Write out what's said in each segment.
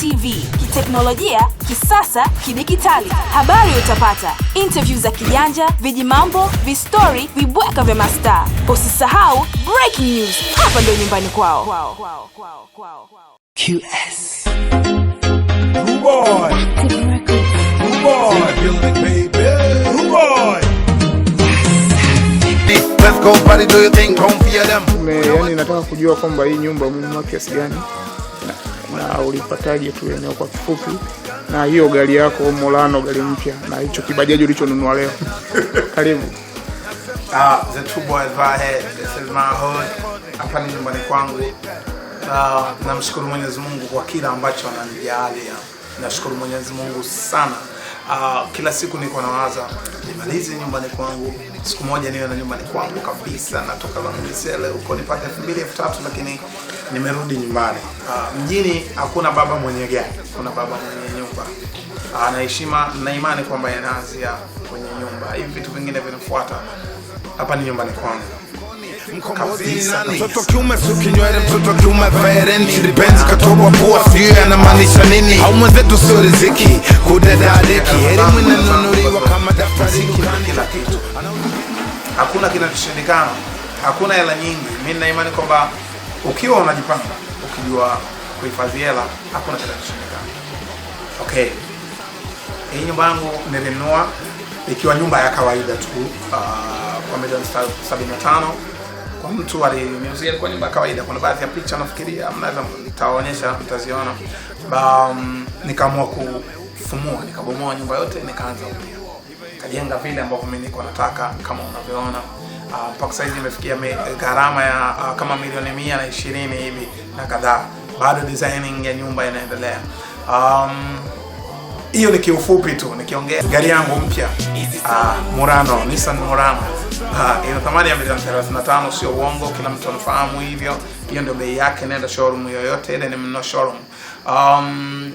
TV kiteknolojia, kisasa, kidigitali. Habari utapata interview za kijanja, vijimambo, vistori, vibweka vya mastaa. Usisahau breaking news, hapa ndio nyumbani kwao. QS Let's go, do fear them. Yani nataka kujua kwamba hii nyumba muhimu kiasi gani na ulipataje tu eneo kwa kifupi, na hiyo gari yako Molano, gari mpya na hicho kibajaji ulichonunua leo. Karibu. Ah, the two boys this is my hood. Hapa ni nyumbani kwangu. Ah, namshukuru Mwenyezi Mungu kwa kila ambacho ananijalia. Nashukuru Mwenyezi Mungu sana. Uh, kila siku niko nawaza nimalize nyumbani kwangu, siku moja niwe na nyumbani kwangu kabisa. Natoka Misele huko nipate elfu mbili elfu tatu lakini nimerudi nyumbani. Ah, mjini hakuna baba mwenye gari, kuna baba mwenye nyumba. Uh, na heshima na imani kwamba yanaanzia kwenye nyumba, hivi vitu vingine vinafuata. Hapa ni nyumbani kwangu. Mtoto kiume mtoto kiume katobwa pua, sijui anamaanisha nini? Au mwenzetu sio riziki elimu inanunuliwa kama daftari dukani, kila kitu, hakuna kinachoshindikana, hakuna hela nyingi. Mi nina imani kwamba ukiwa unajipanga, ukijua kuhifadhi hela, hakuna kitakachoshindikana. Okay, hii nyumba yangu nilinunua ikiwa nyumba ya kawaida tu uh, kwa milioni 75 kwa mtu aliniuzia, kwa nyumba ya kawaida. Kuna baadhi ya picha nafikiria mnaweza mtaonyesha, mtaziona. Um, nikaamua kufumua, nikabomoa nyumba yote, nikaanza upya, kajenga vile ambavyo mi niko nataka, kama unavyoona Ah, mpaka saizi imefikia eh, gharama ya uh, kama milioni mia na ishirini hivi na kadhaa. Bado designing ya nyumba inaendelea. Um, hiyo ni kiufupi tu nikiongea gari yangu mpya uh, Murano, Nissan Murano uh, ina thamani ya milioni 35, sio uongo, kila mtu anafahamu hivyo. Hiyo ndio bei yake, nenda showroom yoyote ile, ni mno showroom. Um,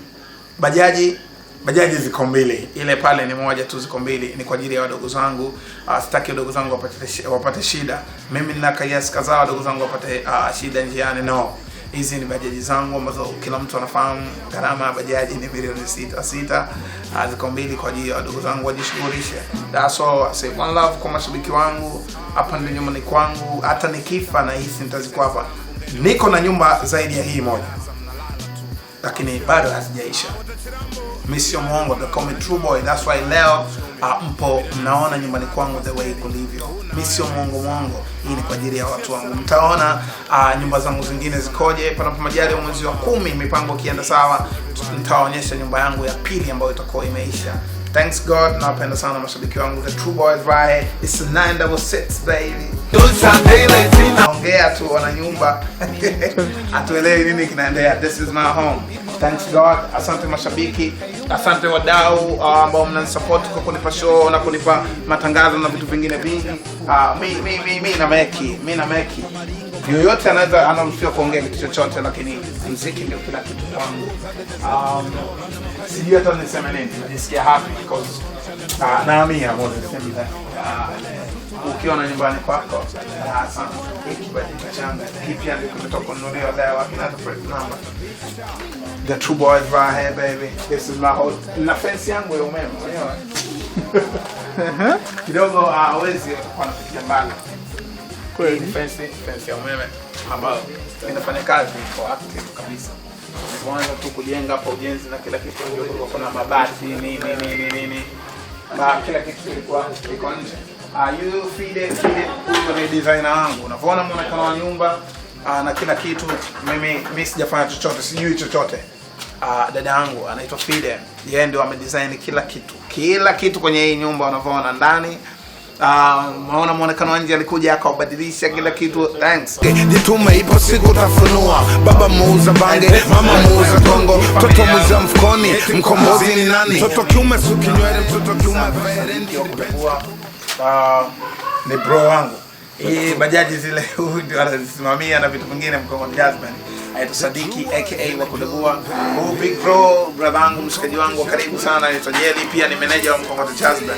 bajaji bajaji ziko mbili, ile pale ni moja tu, ziko mbili, ni kwa ajili ya wadogo zangu. Uh, sitaki wadogo zangu wapate, wapate shida. Mimi nina kiasi kadhaa wadogo zangu wapate uh, shida njiani, no. Hizi ni bajaji zangu ambazo kila mtu anafahamu gharama ya bajaji ni milioni sita sita. Uh, ziko mbili kwa ajili ya wadogo zangu wajishughulishe. That's all. Say one love kwa mashabiki wangu, hapa ndio nyumbani kwangu. Hata nikifa na hisi nitazikuwa hapa. Niko na nyumba zaidi ya hii moja lakini bado hazijaisha. mi sio mwongo, they call me true boy, that's why leo uh, mpo mnaona nyumbani kwangu the way kulivyo. mi sio mwongo mwongo, hii ni kwa ajili ya watu wangu. Mtaona uh, nyumba zangu zingine zikoje panapo majali ya mwezi wa kumi, mipango ikienda sawa nitaonyesha nyumba yangu ya pili ambayo itakuwa imeisha. Thanks God, nawapenda sana mashabiki wangu the True Boys Riot. It's 966 baby. Ongea tu wana nyumba atuelewi nini kinaendea This is my home. Thanks God. Asante mashabiki, asante wadau ah, ambao uh, mnanisupport kwa kunipa show na kunipa matangazo na vitu vingine vingi. Uh, mi, mi, mi, mi na Meki, mi na Meki yoyote anaweza anaruhusiwa kuongea kitu chochote, lakini mziki ndio kila kitu kwangu. Um, sijui hata niseme nini, najisikia happy because uh, naamini ambapo niseme that uh, ukiwa nyumbani kwako hasa uh, hiki badilika changu kipi alikutoka kununuliwa dawa kina hata Fred namba the true boys right here baby this is my whole na fence yangu ya umeme unajua uh-huh. kidogo uh, hawezi uh, kufikia mbali kweli. Fence fence ya inafanya kazi active kabisa. Kwanza tu kujenga hapa ujenzi na kila kitu, kulikuwa kuna mabati nini nini nini, ba kila kitu kilikuwa kiko nje. Ah, you fide fide, huyo ni designer wangu. Unaona muonekano wa nyumba ah, na kila kitu, mimi mimi sijafanya chochote, sijui chochote. Uh, dada yangu anaitwa Fide, yeye ndio amedesign kila kitu, kila kitu kwenye hii nyumba unavyoona ndani Ah, maona uh, mwonekano wa nje alikuja akawabadilisha kila kitu. Thanks eh, jitume, ipo siku tafunua. Baba muuza bange, mama muuza gongo, mtoto muza mfukoni, mkombozi ni nani? Mtoto kiume sukinywele, mtoto kiume ah, ni bro wangu hii bajaji zile ndio anasimamia na vitu vingine. Mkongo Jasmine aitwa Sadiki aka wa Kudabua. Huu ah, oh, big bro brother wangu mshikaji wangu wa karibu sana aitwa Jeli, pia ni meneja wa Mkongo Jasmine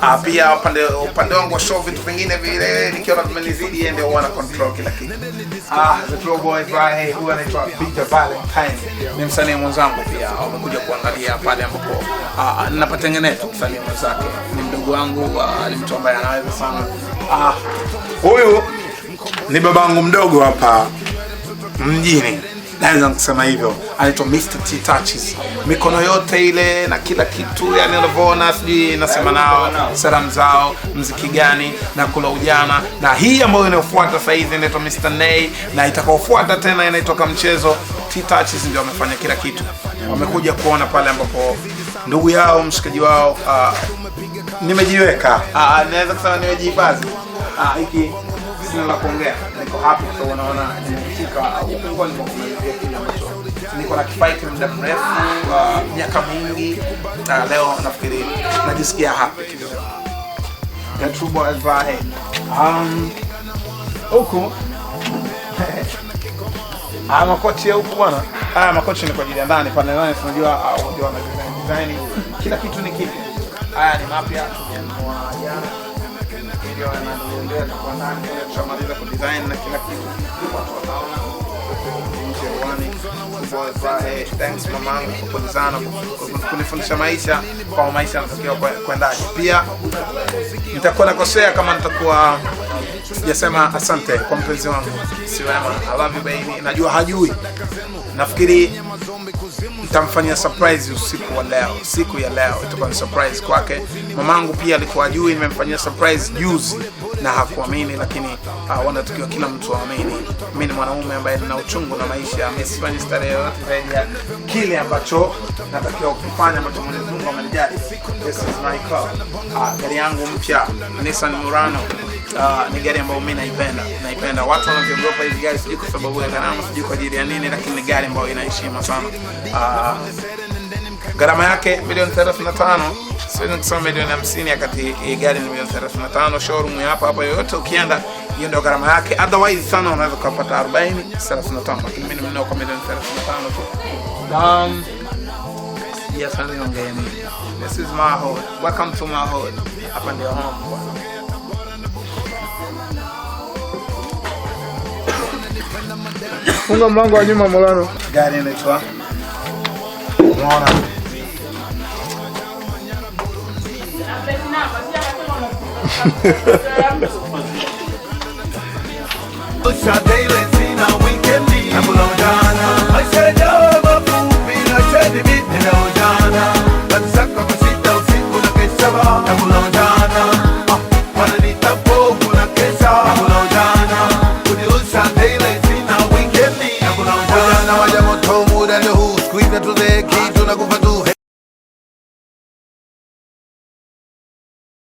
Ah, pia upande upande wangu wa show vitu vingine vile nikiona vimenizidi, yeye ndio wana control kila kitu. Ah, anaitwa Peter Valentine ni msanii mwenzangu pia, amekuja kuangalia pale ambapo ah, ah, napatengeneza. Msanii mwenzake ni mdogo wangu, ah, ni mtu ambaye anaweza sana. Huyu ni babangu mdogo hapa mjini naweza kusema hivyo, anaitwa Mr T Touches, mikono yote ile na kila kitu, yani unavyoona, sijui nasema nao salamu zao, mziki gani na kula ujana, na hii ambayo inayofuata sasa hivi inaitwa Mr Nay, na itakaofuata tena inaitoka mchezo. T Touches ndio wamefanya kila kitu, wamekuja kuona pale ambapo ndugu yao mshikaji wao, uh, nimejiweka uh, naweza kusema nimejihifadhi uh, sina la kuongea, niko hapo unaona nimefika naona nimefika huko nilipokumalizia kile ambacho niko na kifight muda mrefu, wa uh, miaka mingi, na leo nafikiri najisikia happy kidogo. Ya True boy vibe. Um, huku Ah, makochi ya huko bwana. Ah, makochi ni kwa ajili ya ndani, pale ndani tunajua au ah, ndio design. Kila kitu ni kipi? Haya ni mapya tumeanua jana ndio kwa ku design na kila kitu watu wataona eh, thanks mamangu kunifundisha maisha kwa maisha yanatakiwa kwendaji Pia nitakuwa nakosea kama nitakuwa sijasema asante kwa mpenzi wangu Siwema, I Najua hajui, nafikiri nitamfanyia surprise usiku wa leo, siku ya leo itakuwa ni surprise kwake. Mamangu pia alikuwa ajui, nimemfanyia surprise juzi na hakuamini, lakini uh, wanatakiwa kila mtu aamini. Mimi ni mwanaume ambaye nina uchungu na maisha, amesifanyi starehe ya kile ambacho natakiwa kufanya, ambacho Mwenyezi Mungu amenijali. This is my car. Uh, gari yangu mpya Nissan Murano Uh, ni gari ambayo mimi naipenda, naipenda. Watu wanavyogopa hizi gari, sijui kwa sababu ya gharama, sijui kwa ajili ya nini, lakini ni gari ambayo inaheshima sana. Uh, gharama yake milioni 35 siwezi nikisema milioni 50 akati hii gari ni milioni 35, showroom hapa hapa yoyote ukienda, hiyo ndio gharama yake. Otherwise sana unaweza kupata 40 35, lakini mimi nimenao kwa milioni 35 tu. dan ya sana ni to This is my hood. Welcome to my hood. Hapa ndio home. Funga mlango wa nyuma Molano. Gari inaitwa. Unaona? Shot daily.